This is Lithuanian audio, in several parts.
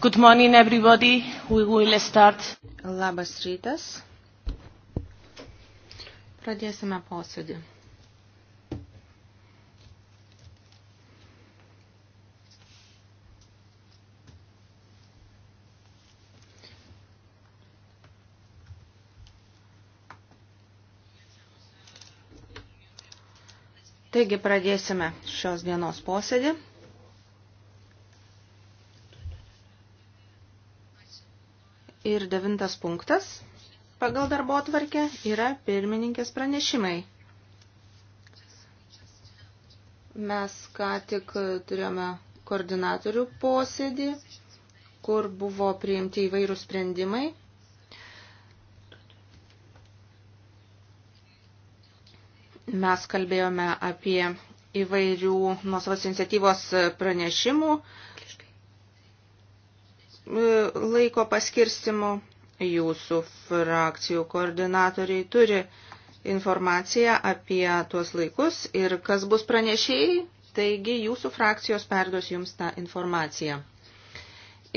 Good morning, everybody. We will start. Labas rytas. Pradėsime posėdį. Taigi pradėsime šios dienos posėdį. ir devintas punktas pagal darbo atvarkę yra pirmininkės pranešimai. Mes ką tik turėjome koordinatorių posėdį, kur buvo priimti įvairių sprendimai. Mes kalbėjome apie įvairių nuosavos iniciatyvos pranešimų laiko paskirstimu. Jūsų frakcijų koordinatoriai turi informaciją apie tuos laikus ir kas bus pranešėjai, taigi jūsų frakcijos perduos jums tą informaciją.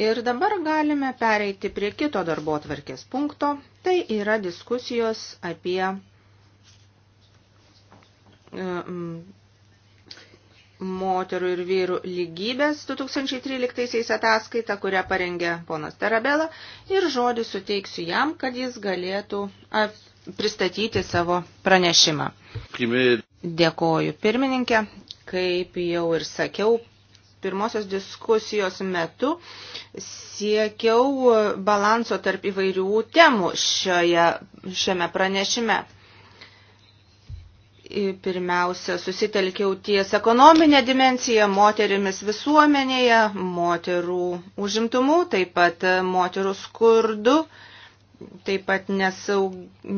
Ir dabar galime pereiti prie kito darbo tvarkės punkto, tai yra diskusijos apie e, moterų ir vyrų lygybės 2013 ataskaitą, kurią parengė ponas Tarabela ir žodį suteiksiu jam, kad jis galėtų pristatyti savo pranešimą. Dėkoju pirmininkė, kaip jau ir sakiau, pirmosios diskusijos metu siekiau balanso tarp įvairių temų šioje, šiame pranešime pirmiausia susitelkiau ties ekonominė dimencija moterimis visuomenėje, moterų užimtumu, taip pat moterų skurdu taip pat nesaug,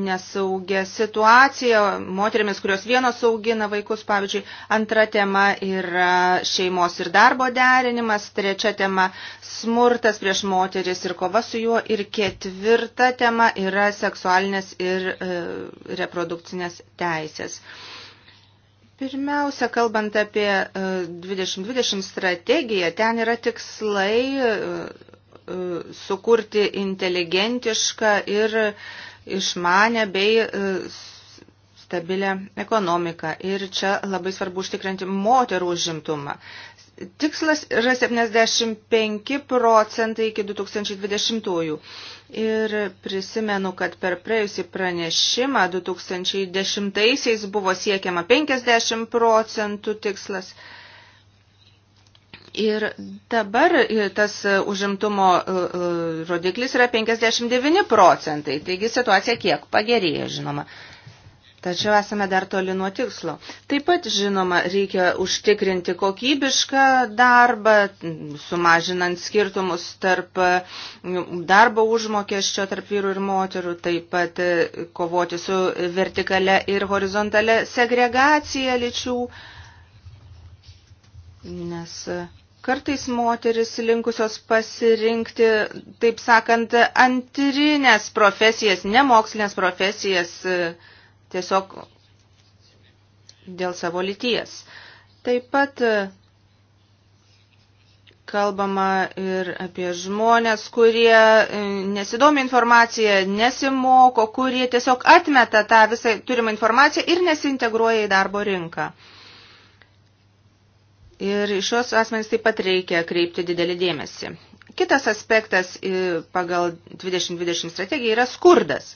nesaugia situacija moterimis, kurios vienos augina vaikus, pavyzdžiui. Antra tema yra šeimos ir darbo derinimas. Trečia tema - smurtas prieš moteris ir kova su juo. Ir ketvirta tema yra seksualinės ir e, reprodukcinės teisės. Pirmiausia, kalbant apie 2020 e, strategiją, ten yra tikslai e, E, sukurti inteligentišką ir išmanę bei e, stabilę ekonomiką. Ir čia labai svarbu užtikrinti moterų užimtumą. Tikslas yra 75 procentai iki 2020-ųjų. Ir prisimenu, kad per praėjusį pranešimą 2010-aisiais buvo siekiama 50 procentų tikslas. Ir dabar e, tas e, užimtumo e, rodiklis yra 59 procentai, taigi situacija kiek pagerėjo, žinoma. Tačiau esame dar toli nuo tikslo. Taip pat, žinoma, reikia užtikrinti kokybišką darbą, sumažinant skirtumus tarp darbo užmokesčio tarp vyrų ir moterų, taip pat kovoti su vertikale ir horizontale segregacija lyčių, nes Kartais moteris linkusios pasirinkti, taip sakant, antrinės profesijas, nemokslinės profesijas tiesiog dėl savo lyties. Taip pat kalbama ir apie žmonės, kurie e, nesidomi informaciją, nesimoko, kurie tiesiog atmeta tą visą turimą informaciją ir nesintegruoja į darbo rinką. Ir šios asmenys taip pat reikia kreipti didelį dėmesį. Kitas aspektas pagal 2020 strategiją yra skurdas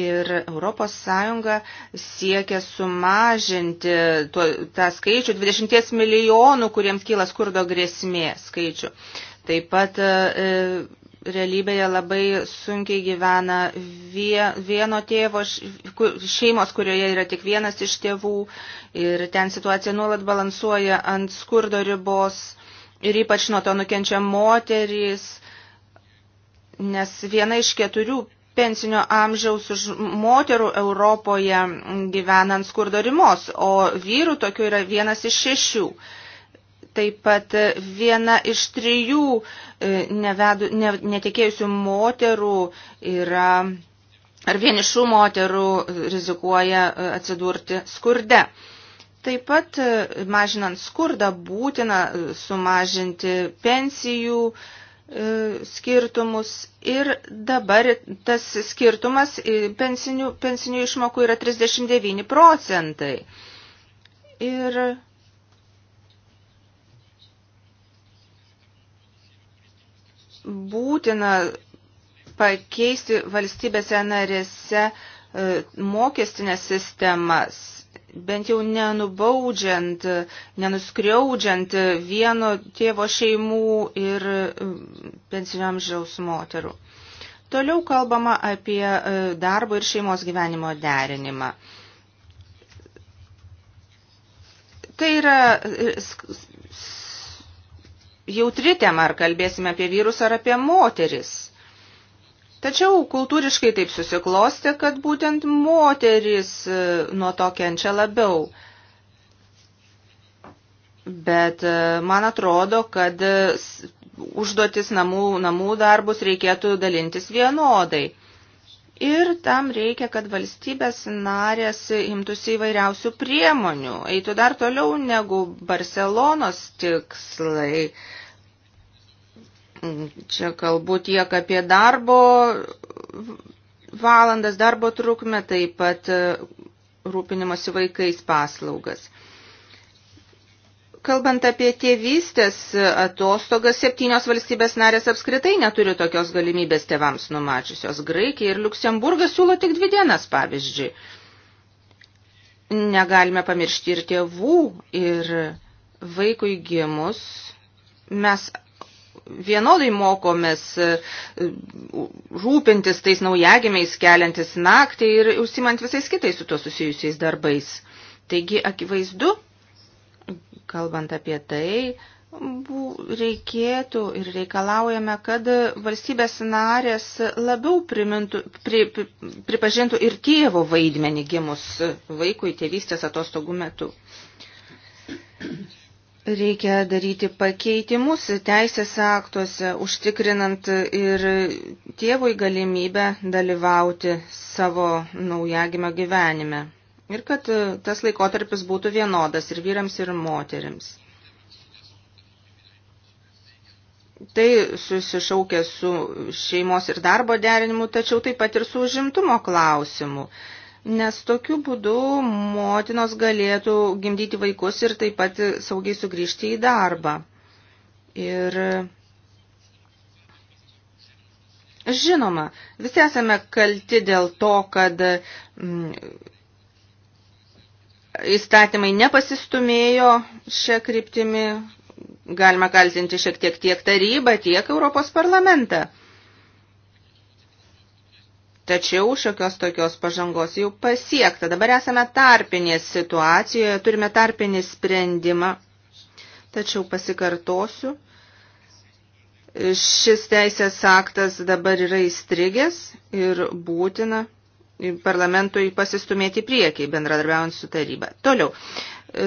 ir Europos Sąjunga siekia sumažinti tuo, tą skaičių 20 milijonų, kuriems kyla skurdo grėsmė skaičių. Taip pat e, realybėje labai sunkiai gyvena vieno tėvo šeimos, kurioje yra tik vienas iš tėvų ir ten situacija nuolat balansuoja ant skurdo ribos ir ypač nuo to nukenčia moterys, nes viena iš keturių pensinio amžiaus moterų Europoje gyvena ant skurdo rimos, o vyrų tokių yra vienas iš šešių. Taip pat viena iš trijų e, nevedu, ne, netikėjusių moterų yra, ar vienišų moterų rizikuoja e, atsidurti skurde. Taip pat, e, mažinant skurdą, būtina sumažinti pensijų skirtumus ir dabar tas skirtumas pensinių, pensinių išmokų yra 39 procentai. Ir būtina pakeisti valstybėse narėse e, mokestinės sistemas, bent jau nenubaudžiant, nenuskriaudžiant vieno tėvo šeimų ir e, pensinio amžiaus moterų. Toliau kalbama apie e, darbo ir šeimos gyvenimo derinimą. Tai yra jautri tema, ar kalbėsime apie vyrus ar apie moteris. Tačiau kultūriškai taip susiklosti, kad būtent moteris e, nuo to kenčia labiau. Bet e, man atrodo, kad e, užduotis namų, namų darbus reikėtų dalintis vienodai. Ir tam reikia, kad valstybės narės imtųsi įvairiausių priemonių, eitų dar toliau negu Barcelonos tikslai. Čia kalbu tiek apie darbo valandas, darbo trukmę, taip pat rūpinimasi vaikais paslaugas. Kalbant apie tėvystės atostogas, septynios valstybės narės apskritai neturi tokios galimybės tėvams numačiusios. Graikija ir Luksemburgas siūlo tik dvi dienas, pavyzdžiui. Negalime pamiršti ir tėvų, ir vaikui gimus. Mes vienodai mokomės e, rūpintis tais naujagimiais, keliantis naktį ir užsimant visais kitais su to susijusiais darbais. Taigi, akivaizdu, kalbant apie tai, reikėtų ir reikalaujame, kad valstybės narės labiau primintų, pri, pri, pripažintų ir tėvo vaidmenį gimus vaikui tėvystės atostogų metu. Reikia daryti pakeitimus teisės aktuose, užtikrinant ir tėvui galimybę dalyvauti savo naujagimio gyvenime ir kad e, tas laikotarpis būtų vienodas ir vyrams, ir moterims. Tai susišaukia su šeimos ir darbo derinimu, tačiau taip pat ir su užimtumo klausimu, nes tokiu būdu motinos galėtų gimdyti vaikus ir taip pat saugiai sugrįžti į darbą. Ir žinoma, visi esame kalti dėl to, kad mm, įstatymai nepasistumėjo šią kryptimį, galima kaltinti šiek tiek tiek tarybą, tiek Europos parlamentą. Tačiau šiokios tokios pažangos jau pasiekta. Dabar esame tarpinės situacijoje, turime tarpinį sprendimą. Tačiau pasikartosiu, šis teisės aktas dabar yra įstrigęs ir būtina parlamentui pasistumėti priekiai, bendradarbiaujant su taryba. Toliau,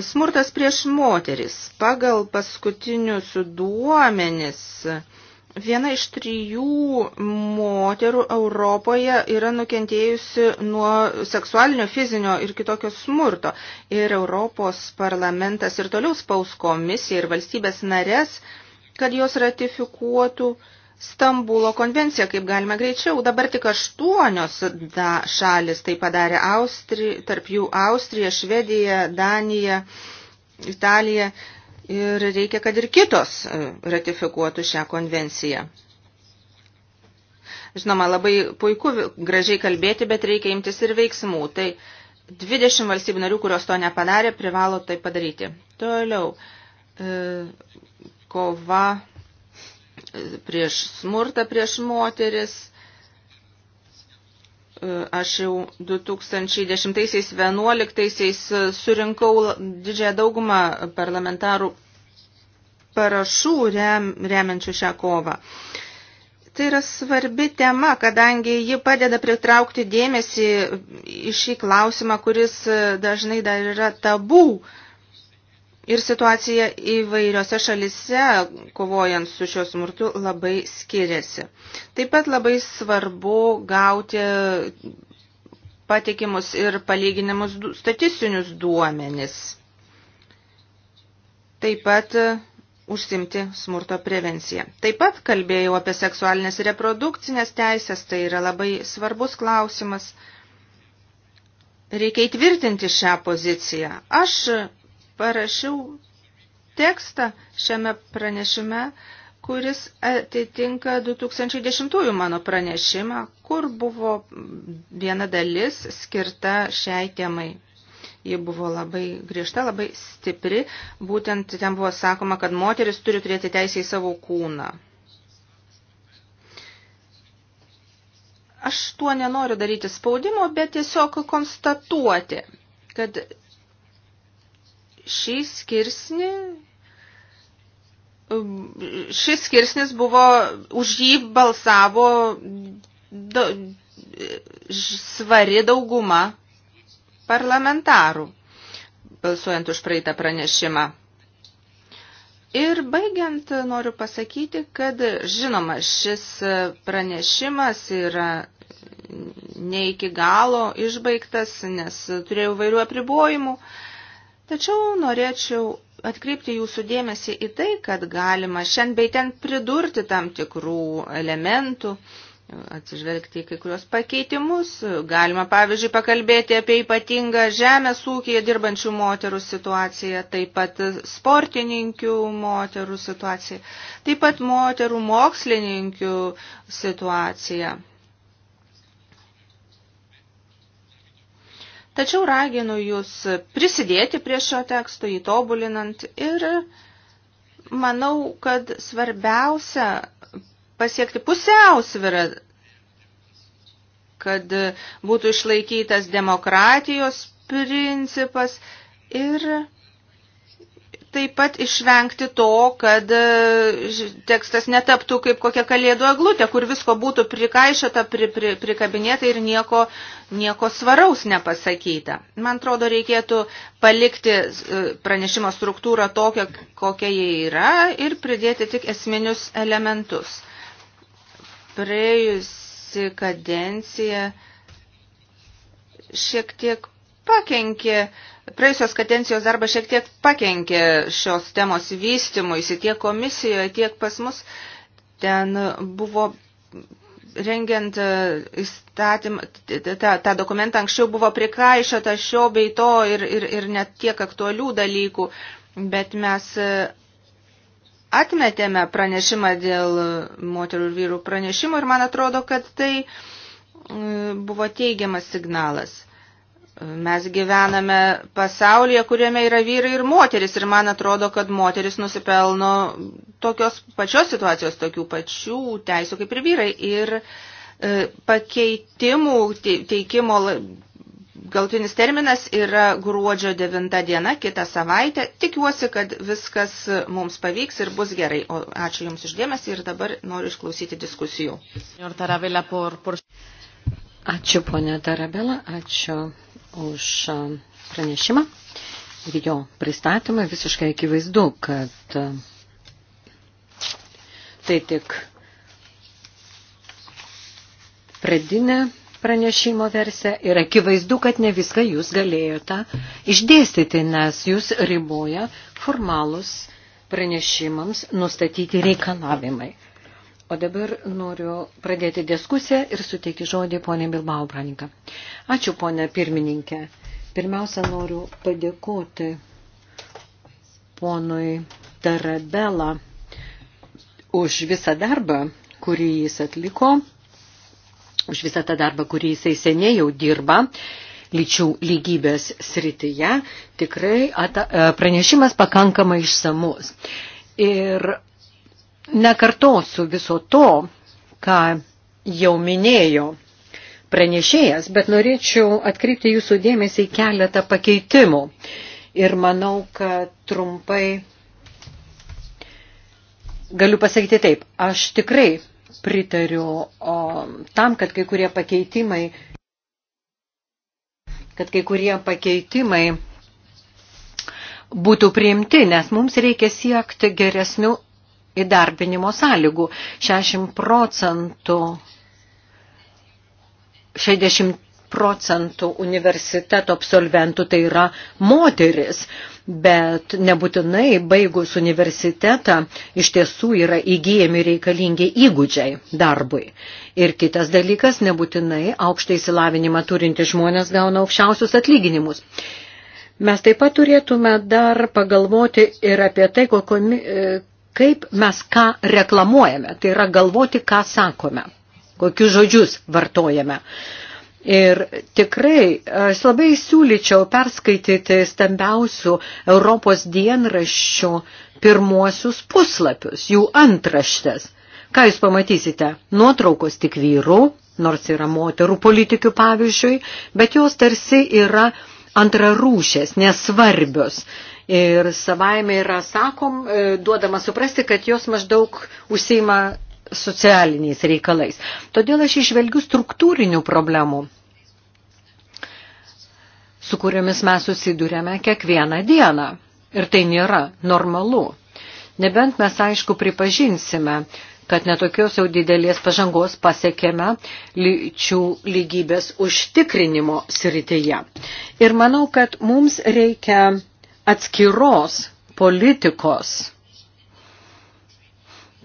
smurtas prieš moteris. Pagal paskutinius duomenis, viena iš trijų moterų Europoje yra nukentėjusi nuo seksualinio, fizinio ir kitokio smurto. Ir Europos parlamentas ir toliau spaus komisiją ir valstybės narės, kad jos ratifikuotų uh, Stambulo konvenciją, kaip galime greičiau. Dabar tik aštuonios da, šalis tai padarė, Austri, tarp jų Austrija, Švedija, Danija, Italija. Ir reikia, kad ir kitos e, ratifikuotų šią konvenciją. Žinoma, labai puiku gražiai kalbėti, bet reikia imtis ir veiksmų. Tai 20 valstybių narių, kurios to nepadarė, privalo tai padaryti. Toliau, e, kova prieš smurtą prieš moteris. E, aš jau 2010-2011 e, surinkau didžiąją daugumą parlamentarų parašų rem, remiančių šią kovą. Tai yra svarbi tema, kadangi ji padeda pritraukti dėmesį į šį klausimą, kuris e, dažnai dar yra tabų. Uh, Ir situacija įvairiose šalise, kovojant su šiuo smurtu, labai skiriasi. Taip pat labai svarbu gauti patikimus ir palyginimus statistinius duomenis. Taip pat e, užsimti smurto prevenciją. Taip pat kalbėjau apie seksualinės ir reprodukcinės teisės, tai yra labai svarbus klausimas. Reikia įtvirtinti šią poziciją. Aš parašiau tekstą šiame pranešime, kuris atitinka 2010 mano pranešimą, kur buvo viena dalis skirta šiai temai. Ji buvo labai griežta, labai stipri. Būtent ten buvo sakoma, kad moteris turi turėti teisę į savo kūną. Aš tuo nenoriu daryti spaudimo, bet tiesiog konstatuoti, kad šį skirsnį um, šis skirsnis buvo, už jį balsavo da, svari dauguma parlamentarų, balsuojant už praeitą pranešimą. Ir baigiant noriu pasakyti, kad žinoma, šis pranešimas yra ne iki galo išbaigtas, nes turėjau vairių apribojimų. Tačiau norėčiau atkreipti jūsų dėmesį į tai, kad galima šiandien bei ten pridurti tam tikrų elementų, atsižvelgti į kai kurios pakeitimus. Galima, pavyzdžiui, pakalbėti apie ypatingą žemės ūkiją dirbančių moterų situaciją, taip pat sportininkių moterų situaciją, taip pat moterų mokslininkių situaciją. Tačiau raginu jūs prisidėti prie šio teksto, jį tobulinant ir manau, kad svarbiausia pasiekti pusiausvirą, kad būtų išlaikytas demokratijos principas ir taip pat išvengti to, kad e, tekstas netaptų kaip kokia kalėdų eglutė, kur visko būtų prikaišata, pri, pri, prikabinėta ir nieko, nieko svaraus nepasakyta. Man atrodo, reikėtų palikti e, pranešimo struktūrą tokią, kokia jie yra ir pridėti tik esminius elementus. Praėjusi kadencija šiek tiek pakenkė, praėjusios kadencijos darbas šiek tiek pakenkė šios temos vystimuisi tiek komisijoje, tiek pas mus. Ten buvo rengiant e, įstatymą, tą, tą dokumentą anksčiau buvo prikaišota šio bei to ir, ir, ir net tiek aktualių dalykų, bet mes e, atmetėme pranešimą dėl moterų ir vyrų pranešimų ir man atrodo, kad tai e, buvo teigiamas signalas. Mes gyvename pasaulyje, kuriame yra vyrai ir moteris ir man atrodo, kad moteris nusipelno tokios pačios situacijos, tokių pačių teisų kaip ir vyrai. Ir e, pakeitimų teikimo galtinis terminas yra gruodžio 9 diena, kitą savaitę. Tikiuosi, kad viskas mums pavyks ir bus gerai. O ačiū Jums uždėmesi ir dabar noriu išklausyti diskusijų. Ačiū, ponė Tarabela, ačiū už pranešimą ir jo pristatymą. Visiškai akivaizdu, kad tai tik pradinė pranešimo versija ir akivaizdu, kad ne viską jūs galėjote išdėstyti, nes jūs riboja formalus pranešimams nustatyti reikalavimai. O dabar noriu pradėti diskusiją ir suteikti žodį ponė Bilbao Braninka. Ačiū ponė pirmininkė. Pirmiausia, noriu padėkoti ponui Tarabela už visą darbą, kurį jis atliko, už visą tą darbą, kurį jisai seniai jau dirba lyčių lygybės srityje. Tikrai ata, e, pranešimas pakankamai išsamus. Ir nekartosiu viso to, ką jau minėjo pranešėjas, bet norėčiau atkreipti jūsų dėmesį į keletą pakeitimų. Ir manau, kad trumpai galiu pasakyti taip, aš tikrai pritariu o, tam, kad kai kurie pakeitimai kad kai kurie pakeitimai būtų priimti, nes mums reikia siekti geresnių įdarbinimo sąlygų. 60 procentų, 60 procentų universiteto absolventų tai yra moteris, bet nebūtinai baigus universitetą iš tiesų yra įgyjami reikalingi įgūdžiai darbui. Ir kitas dalykas, nebūtinai aukštą įsilavinimą turinti žmonės gauna aukščiausius atlyginimus. Mes taip pat turėtume dar pagalvoti ir apie tai, kaip mes ką reklamuojame, tai yra galvoti, ką sakome, kokius žodžius vartojame. Ir tikrai, aš labai siūlyčiau perskaityti stambiausių Europos dienraščių pirmuosius puslapius, jų antraštės. Ką jūs pamatysite? Nuotraukos tik vyrų, nors yra moterų politikių pavyzdžiui, bet jos tarsi yra uh, antrarūšės, nesvarbios. Ir savaime yra sakom, e, duodama suprasti, kad jos maždaug užsima socialiniais reikalais. Todėl aš išvelgiu struktūrinių problemų, su kuriomis mes susidūrėme kiekvieną dieną. Ir tai nėra normalu. Nebent mes aišku pripažinsime, kad netokios jau didelės pažangos pasiekėme lyčių lygybės užtikrinimo srityje. Ir manau, kad mums reikia atskiros politikos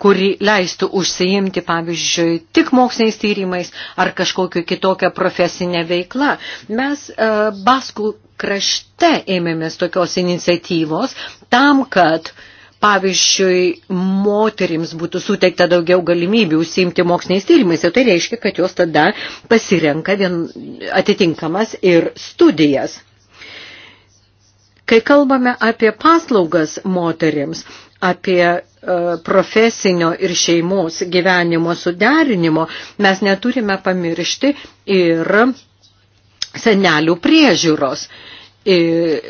kuri leistų užsiimti, pavyzdžiui, tik moksliniais tyrimais ar kažkokiu kitokią profesinę veiklą. Mes e, Baskų krašte ėmėmės tokios iniciatyvos tam, kad e, pavyzdžiui, moterims būtų suteikta daugiau galimybių užsiimti moksliniais tyrimais, ir tai reiškia, kad jos tada pasirenka vien atitinkamas ir studijas. Kai kalbame apie paslaugas moterims, apie e, profesinio ir šeimos gyvenimo suderinimo, mes neturime pamiršti ir senelių priežiūros. Ir,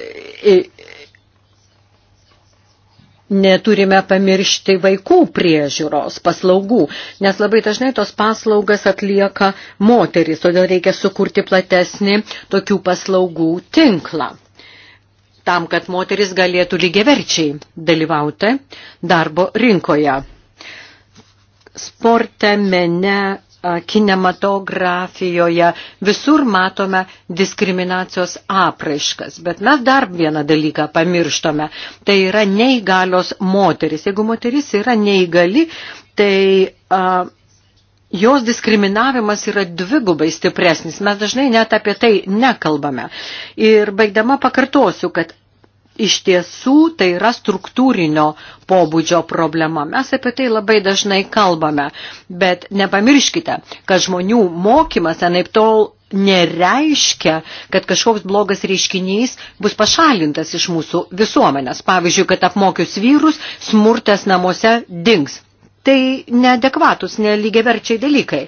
ir, neturime pamiršti vaikų priežiūros paslaugų, nes labai dažnai tos paslaugas atlieka moteris, todėl reikia sukurti platesnį tokių paslaugų tinklą tam, kad moteris galėtų lygiaverčiai dalyvauti darbo rinkoje. Sporte, mene, kinematografijoje, visur matome diskriminacijos apraiškas. Bet mes dar vieną dalyką pamirštome, tai yra neįgalios moteris. Jeigu moteris yra neįgali, tai a, jos diskriminavimas yra dvigubai stipresnis. Mes dažnai net apie tai nekalbame. Ir baigdama pakartosiu, kad iš tiesų tai yra struktūrinio pobūdžio problema. Mes apie tai labai dažnai kalbame, bet nepamirškite, kad žmonių mokymas anaip tol nereiškia, kad kažkoks blogas reiškinys bus pašalintas iš mūsų visuomenės. Pavyzdžiui, kad apmokius vyrus, smurtas namuose dings. Tai neadekvatus, nelygiaverčiai dalykai.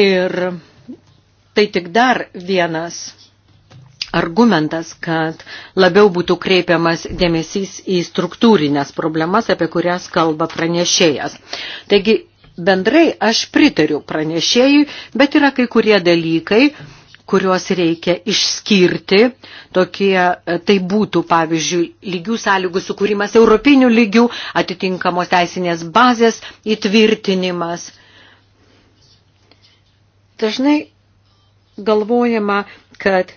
Ir tai tik dar vienas argumentas, kad labiau būtų kreipiamas dėmesys į struktūrinės problemas, apie kurias kalba pranešėjas. Taigi, bendrai aš pritariu pranešėjui, bet yra kai kurie dalykai, kuriuos reikia išskirti. Tokie, e, tai būtų, pavyzdžiui, lygių sąlygų sukūrimas europinių lygių, atitinkamos teisinės bazės įtvirtinimas. Dažnai galvojama, kad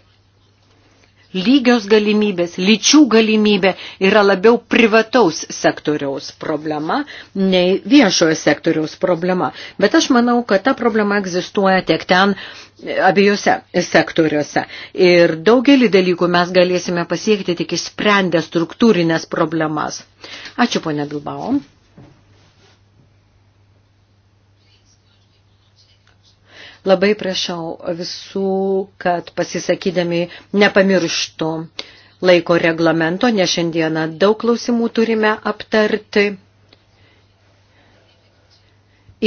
lygios galimybės, lyčių galimybė yra labiau privataus sektoriaus problema nei viešojo sektoriaus problema. Bet aš manau, kad ta problema egzistuoja tiek ten e, abiejose sektoriuose. Ir daugelį dalykų mes galėsime pasiekti tik išsprendę struktūrinės problemas. Ačiū, ponė Bilbao. Labai prašau visų, kad pasisakydami nepamirštų laiko reglamento, nes šiandieną daug klausimų turime aptarti.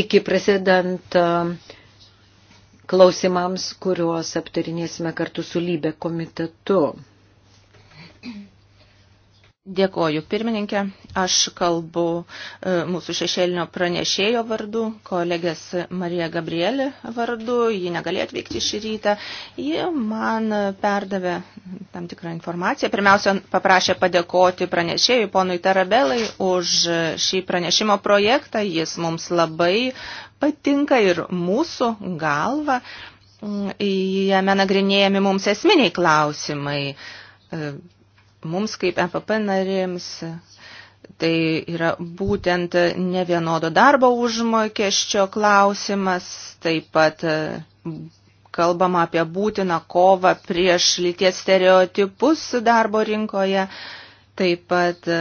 Iki prasidant klausimams, kuriuos aptarinėsime kartu su lybė komitetu. Dėkoju, pirmininkė. Aš kalbu e, mūsų šešėlinio pranešėjo vardu, kolegės Marija Gabrielė vardu. Ji negalėjo atvykti šį rytą. Ji man perdavė tam tikrą informaciją. Pirmiausia, paprašė padėkoti pranešėjui ponui Tarabelai už šį pranešimo projektą. Jis mums labai patinka ir mūsų galva. Mm, jame nagrinėjami mums esminiai klausimai e, mums kaip EPP narėms Tai yra būtent nevienodo darbo užmokesčio klausimas, taip pat e, kalbama apie būtiną kovą prieš lyties stereotipus darbo rinkoje, taip pat e,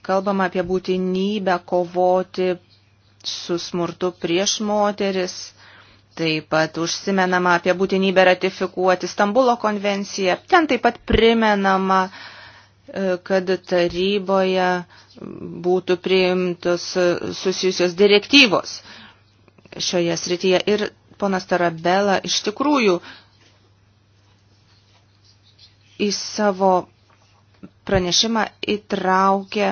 kalbama apie būtinybę kovoti su smurtu prieš moteris Taip pat užsimenama apie būtinybę ratifikuoti Stambulo konvenciją. Ten taip pat primenama, e, kad taryboje būtų priimtos susijusios direktyvos šioje srityje. Ir ponas Tarabela iš tikrųjų į savo pranešimą įtraukė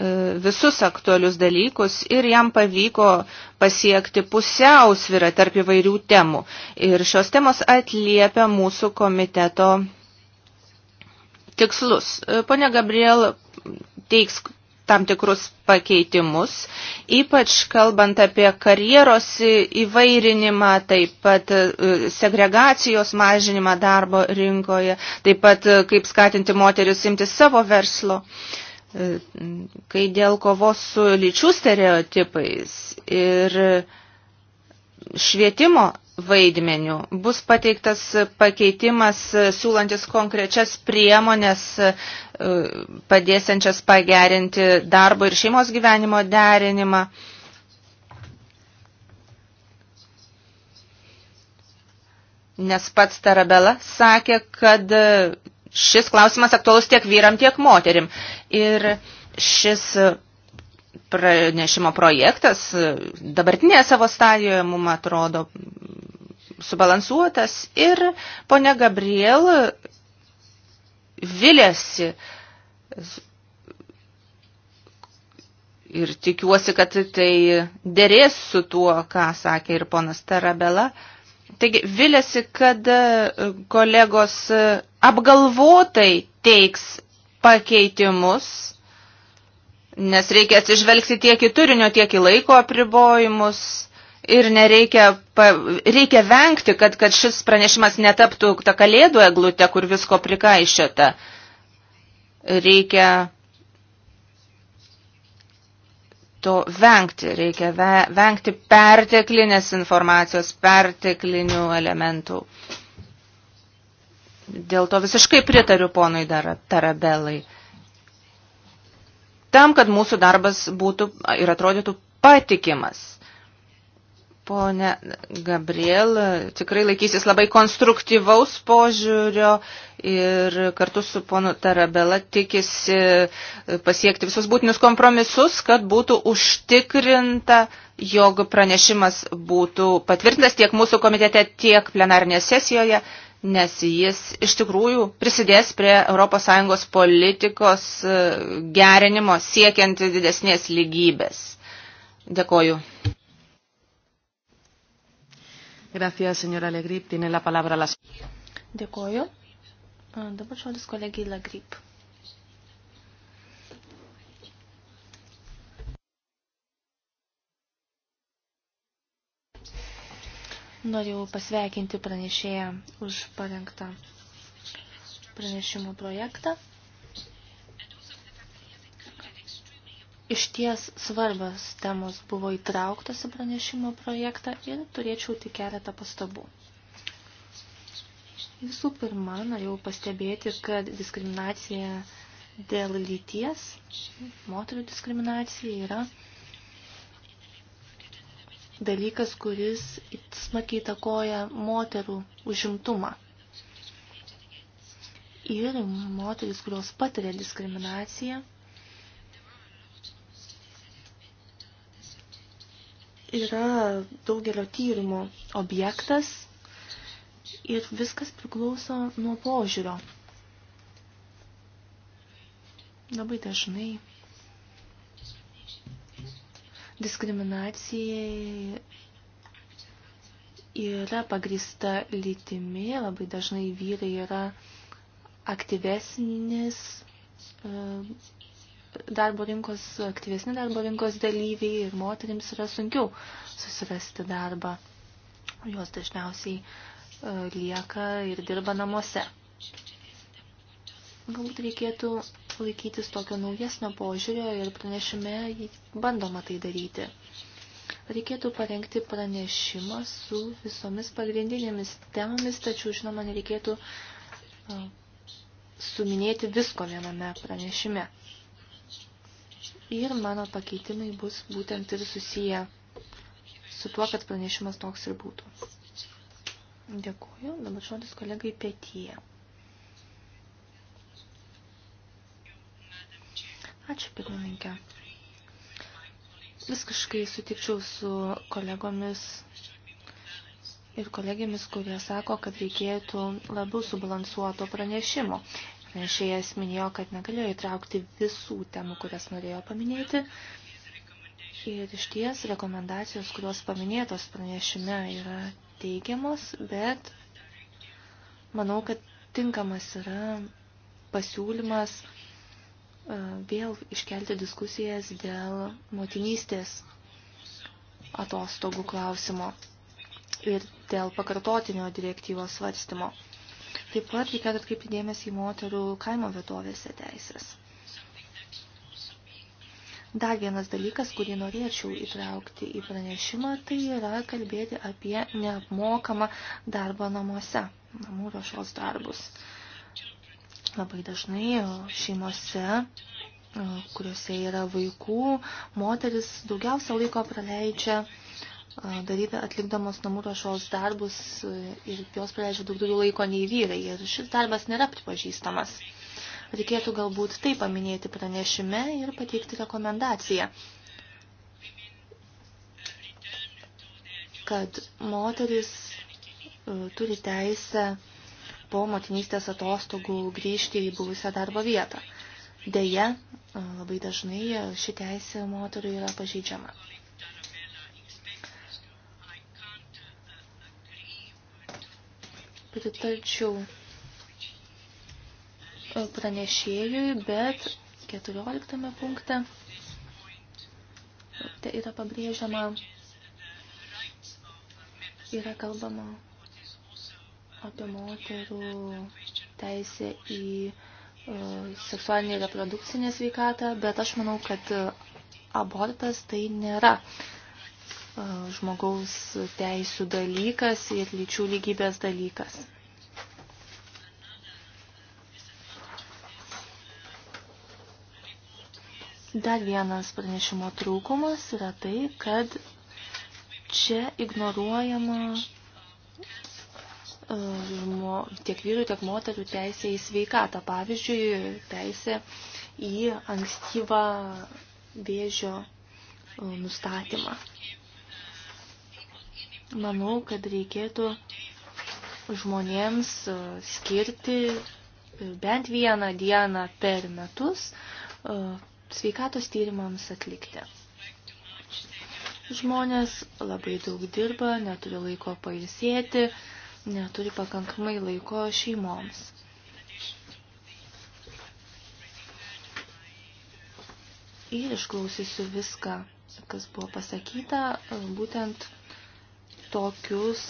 E, visus aktualius dalykus ir jam pavyko pasiekti pusiausvyrą tarp įvairių temų. Ir šios temos atliepia mūsų komiteto tikslus. E, Pone Gabriel teiks tam tikrus pakeitimus, ypač kalbant apie karjeros įvairinimą, taip pat e, segregacijos mažinimą darbo rinkoje, taip pat kaip skatinti moteris imti savo verslo. Uh, E, kai dėl kovos su lyčių stereotipais ir švietimo vaidmenių bus pateiktas pakeitimas siūlantis konkrečias priemonės e, padėsiančias pagerinti darbo ir šeimos gyvenimo derinimą. Nes pats Tarabela sakė, kad šis klausimas aktualus tiek vyram, tiek moterim. Ir šis pranešimo projektas dabartinėje savo stadijoje, mum atrodo, subalansuotas ir ponia Gabriel vilėsi ir tikiuosi, kad tai dėrės su tuo, ką sakė ir ponas Tarabela. Taigi, vilėsi, kad kolegos apgalvotai teiks pakeitimus, nes reikia atsižvelgti tiek į turinio, tiek į laiko apribojimus ir nereikia, pa, reikia vengti, kad, kad šis pranešimas netaptų tą kalėdų eglutę, kur visko prikaišėta. Reikia to vengti, reikia vengti perteklinės informacijos, perteklinių elementų. Dėl to visiškai pritariu ponui Tarabelai. Tam, kad mūsų darbas būtų ir atrodytų patikimas. Pone Gabriel tikrai laikysis labai konstruktyvaus požiūrio ir kartu su ponu Tarabela tikisi pasiekti visus būtinius kompromisus, kad būtų užtikrinta, jog pranešimas būtų patvirtintas tiek mūsų komitete, tiek plenarinėje sesijoje nes jis iš tikrųjų prisidės prie ES politikos e, gerinimo siekiant didesnės lygybės. Dėkoju. Gracias, señora Legrip. Tiene la palabra la... Dėkoju. Dabar žodis kolegijai Legrip. Norėjau pasveikinti pranešėją už parengtą pranešimo projektą. Iš ties svarbas temos buvo įtrauktas į pranešimo projektą ir turėčiau tik keletą pastabų. Visų pirma, norėjau pastebėti, kad diskriminacija dėl lyties, moterų diskriminacija yra dalykas, kuris smarkiai takoja moterų užimtumą. Ir moteris, kurios patiria diskriminaciją, yra daugelio tyrimų objektas ir viskas priklauso nuo požiūrio. Labai dažnai diskriminacijai yra pagrįsta lytimi, labai dažnai vyrai yra aktyvesnis e, darbo rinkos, aktyvesni darbo rinkos dalyviai ir moterims yra sunkiau susirasti darbą. Jos dažniausiai e, lieka ir dirba namuose. Galbūt reikėtų reikėtų laikytis tokio naujesnio požiūrio ir pranešime bandoma tai daryti. Reikėtų parengti pranešimą su visomis pagrindinėmis temomis, tačiau, žinoma, nereikėtų suminėti visko viename pranešime. Ir mano pakeitimai bus būtent ir susiję su tuo, kad pranešimas toks ir būtų. Dėkuoju, dabar žodis kolegai Petyje. Ačiū pirmininkė. Viskiškai sutikčiau su kolegomis ir kolegėmis, kurie sako, kad reikėtų labiau subalansuoto pranešimo. Pranešėjas minėjo, kad negalėjo įtraukti visų temų, kurias norėjo paminėti. Ir iš ties rekomendacijos, kurios paminėtos pranešime, yra teigiamos, bet manau, kad tinkamas yra pasiūlymas vėl iškelti diskusijas dėl motinystės atostogų klausimo ir dėl pakartotinio direktyvos svarstymo. Taip pat reikėtų atkreipti dėmesį į moterų kaimo vietovėse teisės. Dar vienas dalykas, kurį norėčiau įtraukti į pranešimą, tai yra kalbėti apie neapmokamą darbą namuose, namų rašos darbus. Uh, Labai dažnai e, šeimose, e, kuriuose yra vaikų, moteris daugiausia laiko praleidžia e, daryti atlikdamos namų ruošos darbus ir jos praleidžia daug daugiau laiko nei vyrai ir šis darbas nėra pripažįstamas. Reikėtų galbūt tai paminėti pranešime ir pateikti rekomendaciją, kad moteris turi teisę po motinystės atostogų grįžti į buvusią darbo vietą. Deja, labai dažnai ši teisė moterų yra pažeidžiama. Pritarčiau pranešėjui, bet 14 punkte yra pabrėžiama, yra kalbama apie moterų teisę į e, seksualinį ir reprodukcinį sveikatą, bet aš manau, kad abortas tai nėra e, žmogaus teisų dalykas ir lyčių lygybės dalykas. Dar vienas pranešimo trūkumas yra tai, kad čia ignoruojama tiek vyrų, tiek moterų teisė į sveikatą. Pavyzdžiui, teisė į ankstyvą vėžio e, nustatymą. Manau, kad reikėtų žmonėms e, skirti e, bent vieną dieną per metus sveikatos tyrimams atlikti. Žmonės labai daug dirba, neturi laiko pailsėti, neturi pakankamai laiko šeimoms. Ir išklausysiu viską, kas buvo pasakyta, e, būtent tokius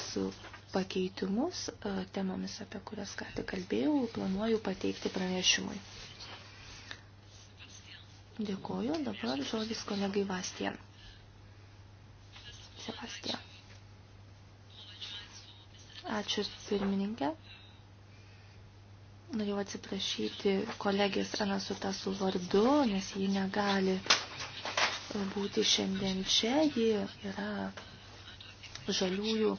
pakeitimus e, temomis, apie kurias ką tik kalbėjau, planuoju pateikti pranešimui. Dėkoju, dabar žodis kolegai Vastien. Sebastian. Ačiū pirmininkė. Norėjau atsiprašyti kolegės Anasutasų vardu, nes ji negali būti šiandien čia. Ji yra žaliųjų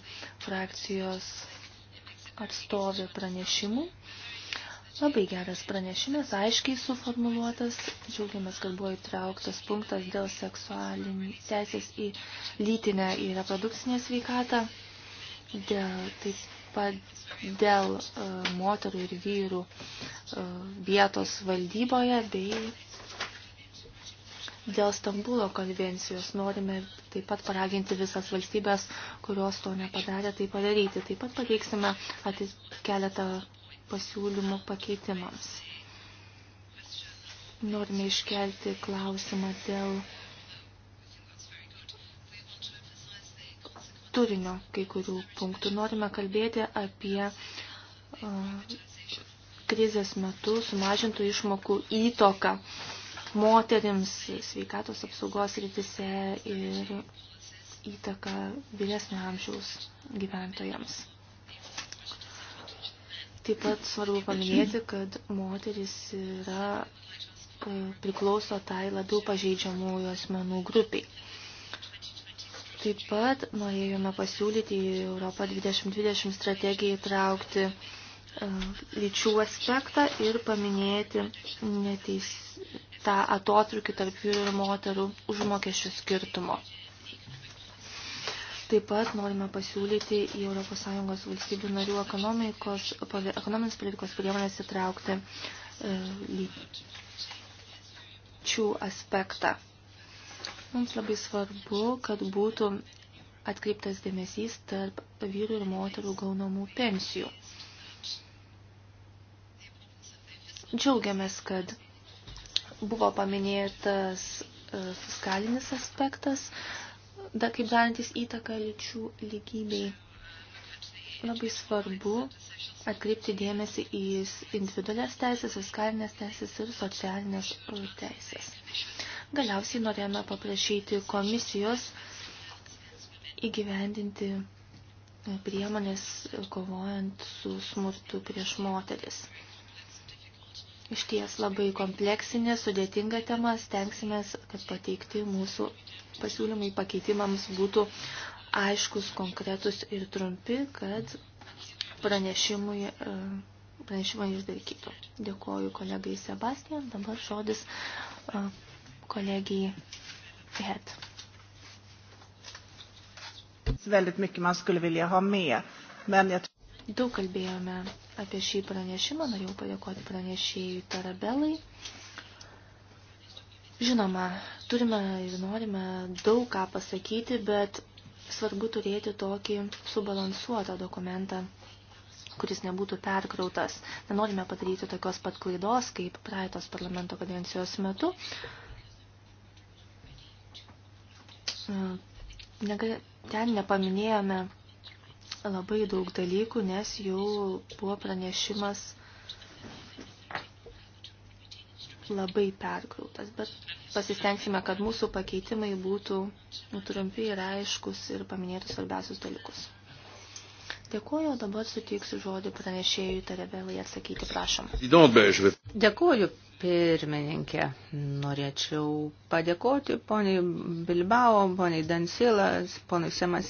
frakcijos atstovė pranešimų. Labai geras pranešimas, aiškiai suformuluotas. Džiaugiamės, kad buvo įtrauktas punktas dėl seksualinį teisės į lytinę ir reprodukcinę sveikatą dėl, taip pat dėl uh, moterų ir vyrų uh, vietos valdyboje bei dėl Stambulo konvencijos. Norime taip pat paraginti visas valstybės, kurios to nepadarė, tai padaryti. Taip pat pateiksime keletą pasiūlymų pakeitimams. Norime iškelti klausimą dėl turinio kai kurių punktų. Norime kalbėti apie uh, krizės metu sumažintų išmokų įtoką moterims sveikatos apsaugos rytise ir įtaką vyresnio amžiaus gyventojams. Taip pat svarbu paminėti, kad moteris yra priklauso tai labiau pažeidžiamųjų asmenų grupiai. Taip pat norėjome pasiūlyti į Europą 2020 strategiją įtraukti e, lyčių aspektą ir paminėti neteis, tą atotrukį tarp vyrų ir moterų užmokesčių skirtumo. Taip pat norime pasiūlyti į ES valstybių narių ekonomikos, ekonominės politikos priemonės įtraukti e, lyčių aspektą. Mums labai svarbu, kad būtų atkreiptas dėmesys tarp vyrų ir moterų gaunamų pensijų. Džiaugiamės, kad buvo paminėtas e, fiskalinis aspektas, da, kaip darantis įtaką lyčių lygybei. Labai svarbu atkreipti dėmesį į individualias teisės, fiskalinės teisės ir socialinės e, teisės. Galiausiai norėjome paprašyti komisijos įgyvendinti priemonės kovojant su smurtu prieš moteris. Iš ties labai kompleksinė, sudėtinga tema, stengsimės, kad pateikti mūsų pasiūlymai pakeitimams būtų aiškus, konkretus ir trumpi, kad pranešimui, e, pranešimą išdarkytų. Dėkoju kolegai Sebastian, dabar žodis e, kolegi Fihet. Väldigt mycket man skulle vilja ha med, men jag Daug kalbėjome apie šį pranešimą, norėjau padėkoti pranešėjui Tarabelai. Žinoma, turime ir norime daug ką pasakyti, bet svarbu turėti tokį subalansuotą dokumentą, kuris nebūtų perkrautas. Nenorime padaryti tokios pat klaidos, kaip praeitos parlamento kadencijos metu, Ten nepaminėjome labai daug dalykų, nes jau buvo pranešimas labai perkrautas, bet pasistengsime, kad mūsų pakeitimai būtų nu, trumpi ir aiškus ir paminėtų svarbiausius dalykus. Dėkuoju, dabar suteiksiu žodį pranešėjui Tarabelai atsakyti, prašom. Dėkuoju, pirmininkė. Norėčiau padėkoti poniai Bilbao, poniai Dansilas, poniai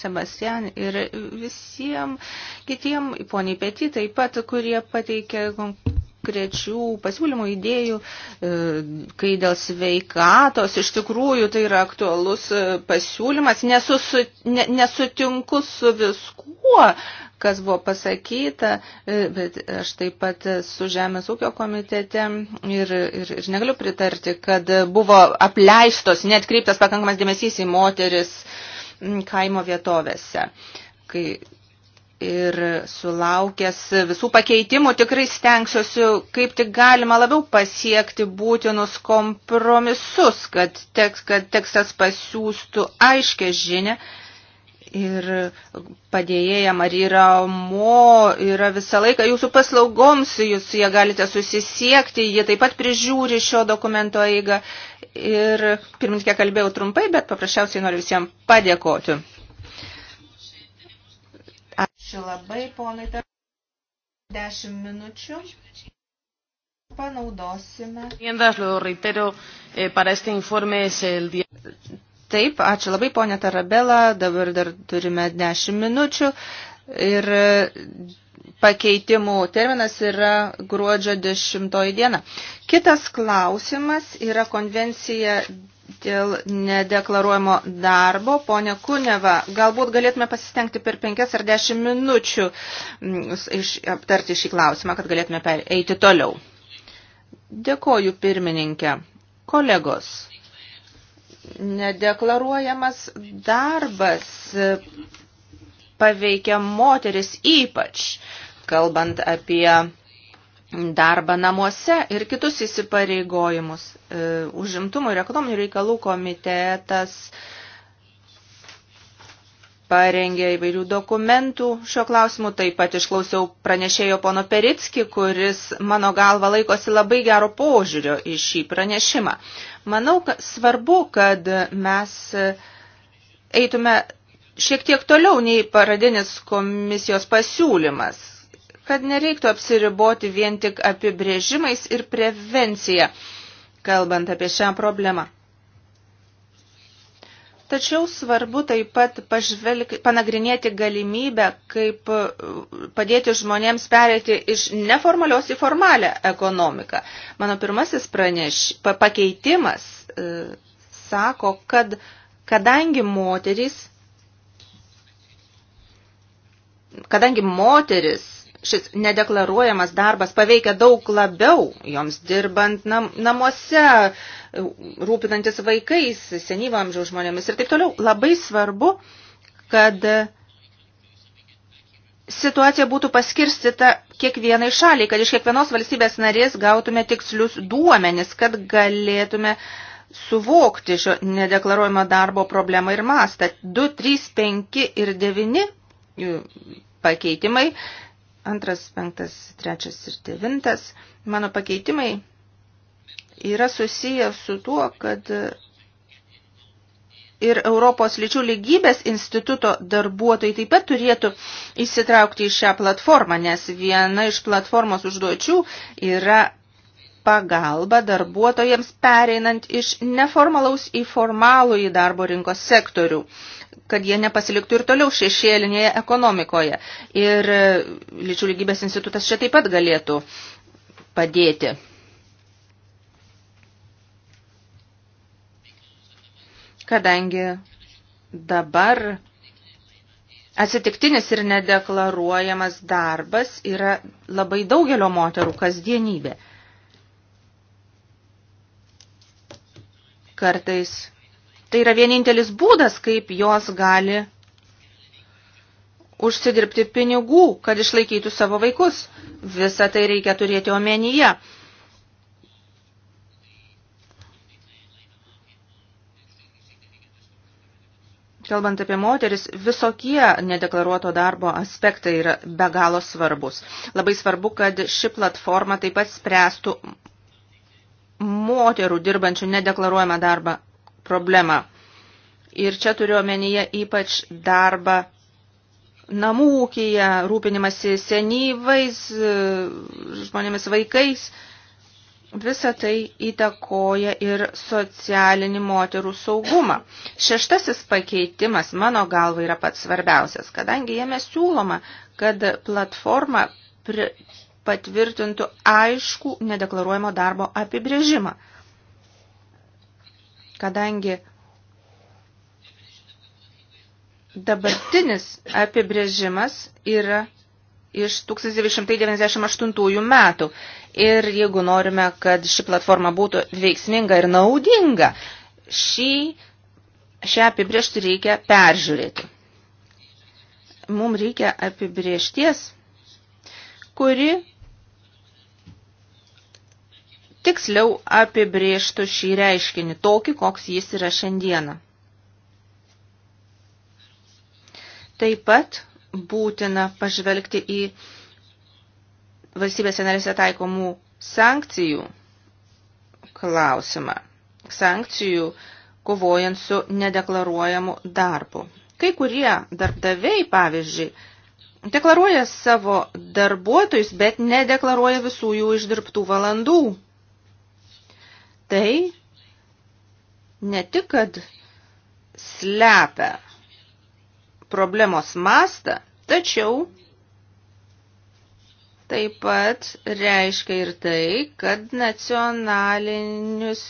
Sebastian ir visiems kitiem, poniai Peti taip pat, kurie pateikė konkrečių pasiūlymų, idėjų, e, kai dėl sveikatos iš tikrųjų tai yra aktualus e, pasiūlymas. Nesu, ne, nesutinku su viskuo, kas buvo pasakyta, e, bet aš taip pat su Žemės ūkio komitete ir, ir, ir negaliu pritarti, kad buvo apleistos, netkreiptas pakankamas dėmesys į moteris kaimo vietovėse. Kai ir sulaukęs visų pakeitimų tikrai stengsiuosi kaip tik galima labiau pasiekti būtinus kompromisus, kad, tekst, kad tekstas pasiūstų aiškę žinę. Ir padėjėja Marija Mo yra visą laiką jūsų paslaugoms, jūs ją galite susisiekti, jie taip pat prižiūri šio dokumento eigą. Ir pirmininkė kalbėjau trumpai, bet paprasčiausiai noriu visiems padėkoti. Ačiū labai, ponai. 10 minučių panaudosime. Eh, Taip, ačiū labai, ponė Tarabela. Dabar dar turime 10 minučių. Ir e, pakeitimų terminas yra gruodžio 10 diena. Kitas klausimas yra konvencija dėl nedeklaruojamo darbo. Pone Kuneva, galbūt galėtume pasistengti per 5 ar 10 minučių mm, iš, aptarti šį klausimą, kad galėtume eiti toliau. Dėkoju pirmininkė. Kolegos, nedeklaruojamas darbas paveikia moteris ypač, kalbant apie darbą namuose ir kitus įsipareigojimus. E, užimtumo ir ekonominių reikalų komitetas parengė įvairių dokumentų šio klausimu. Taip pat išklausiau pranešėjo pono Peritski, kuris mano galva laikosi labai gero požiūrio į šį pranešimą. Manau, kad svarbu, kad mes eitume šiek tiek toliau nei paradinis komisijos pasiūlymas kad nereiktų apsiriboti vien tik apibrėžimais ir prevencija, kalbant apie šią problemą. Tačiau svarbu taip pat pažvelg, panagrinėti galimybę, kaip uh, padėti žmonėms perėti iš neformalios į formalę ekonomiką. Mano pirmasis praneš, pa, pakeitimas e, sako, kad kadangi moterys, kadangi moteris šis nedeklaruojamas darbas paveikia daug labiau joms dirbant nam, namuose, rūpinantis vaikais, senyvo amžiaus žmonėmis ir taip toliau. Labai svarbu, kad situacija būtų paskirstita kiekvienai šaliai, kad iš kiekvienos valstybės narės gautume tikslius duomenis, kad galėtume suvokti šio nedeklaruojamo darbo problemą ir mastą. 2, 3, 5 ir 9 pakeitimai Antras, penktas, trečias ir devintas. Mano pakeitimai yra susiję su tuo, kad ir Europos lyčių lygybės instituto darbuotojai taip pat turėtų įsitraukti į šią platformą, nes viena iš platformos užduočių yra pagalba darbuotojams pereinant iš neformalaus į formalų į darbo rinkos sektorių, kad jie nepasiliktų ir toliau šešėlinėje ekonomikoje. Ir e, lyčių lygybės institutas čia taip pat galėtų padėti. Kadangi dabar atsitiktinis ir nedeklaruojamas darbas yra labai daugelio moterų kasdienybė. kartais tai yra vienintelis būdas, kaip jos gali užsidirbti pinigų, kad išlaikytų savo vaikus. Visą tai reikia turėti omenyje. Kalbant apie moteris, visokie nedeklaruoto darbo aspektai yra be galo svarbus. Labai svarbu, kad ši platforma taip pat spręstų moterų dirbančių nedeklaruojamą darbą problemą. Ir čia turiu omenyje ypač darbą namų ūkija, rūpinimasi senyvais, žmonėmis vaikais. Visa tai įtakoja ir socialinį moterų saugumą. Šeštasis pakeitimas mano galva yra pats svarbiausias, kadangi jame siūloma, kad platforma pri patvirtintų aišku nedeklaruojamo darbo apibrėžimą. Kadangi dabartinis apibrėžimas yra iš 1998 metų. Ir jeigu norime, kad ši platforma būtų veiksminga ir naudinga, šį, šią apibriežtį reikia peržiūrėti. Mums reikia apibriežties, kuri tiksliau apibrėžtų šį reiškinį, tokį, koks jis yra šiandieną. Taip pat būtina pažvelgti į valstybės narėse taikomų sankcijų klausimą. Sankcijų kovojant su nedeklaruojamu darbu. Kai kurie darbdaviai, pavyzdžiui, deklaruoja savo darbuotojus, bet nedeklaruoja visų jų išdirbtų valandų tai ne tik, kad slepia problemos mastą, tačiau taip pat reiškia ir tai, kad nacionalinius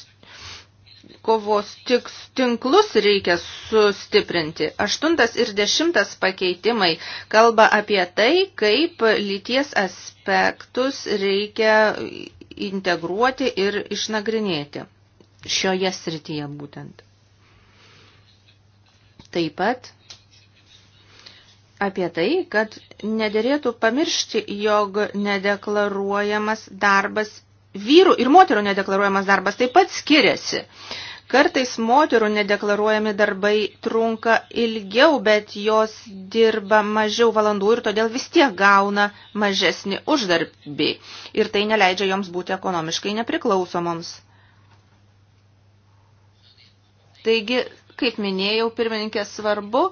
kovos tiks, tinklus reikia sustiprinti. Aštuntas ir dešimtas pakeitimai kalba apie tai, kaip lyties aspektus reikia integruoti ir išnagrinėti šioje srityje būtent. Taip pat apie tai, kad nederėtų pamiršti, jog nedeklaruojamas darbas vyrų ir moterų nedeklaruojamas darbas taip pat skiriasi. Kartais moterų nedeklaruojami darbai trunka ilgiau, bet jos dirba mažiau valandų ir todėl vis tiek gauna mažesnį uždarbį. Ir tai neleidžia joms būti ekonomiškai nepriklausomoms. Taigi, kaip minėjau, pirmininkė svarbu,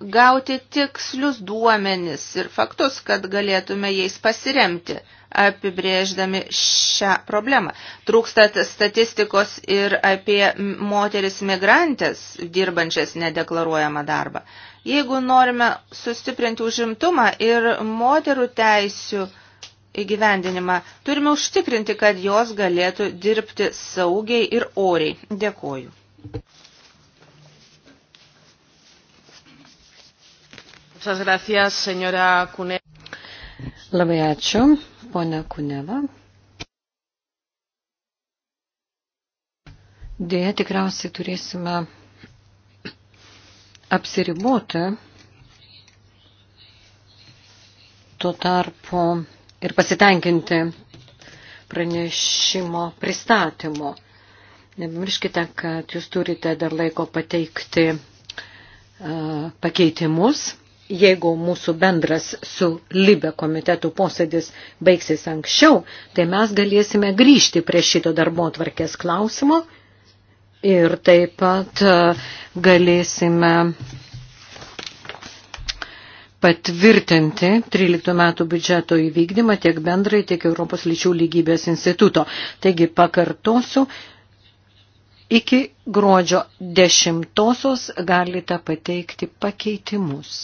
gauti tikslius duomenis ir faktus, kad galėtume jais pasiremti, apibrėždami šią problemą. Trūksta statistikos ir apie moteris migrantės dirbančias nedeklaruojamą darbą. Jeigu norime sustiprinti užimtumą ir moterų teisių įgyvendinimą, turime užtikrinti, kad jos galėtų dirbti saugiai ir oriai. Dėkoju. Gracias, Labai ačiū, ponia Kuneva. Dėja, tikriausiai turėsime apsiriboti tuo tarpu ir pasitenkinti pranešimo pristatymo. Nepamirškite, kad jūs turite dar laiko pateikti uh, pakeitimus jeigu mūsų bendras su Libe komitetų posėdis baigsis anksčiau, tai mes galėsime grįžti prie šito darbo tvarkės klausimo ir taip pat e, galėsime patvirtinti 13 metų biudžeto įvykdymą tiek bendrai, tiek Europos lyčių lygybės instituto. Taigi pakartosiu, iki gruodžio 10 galite pateikti pakeitimus.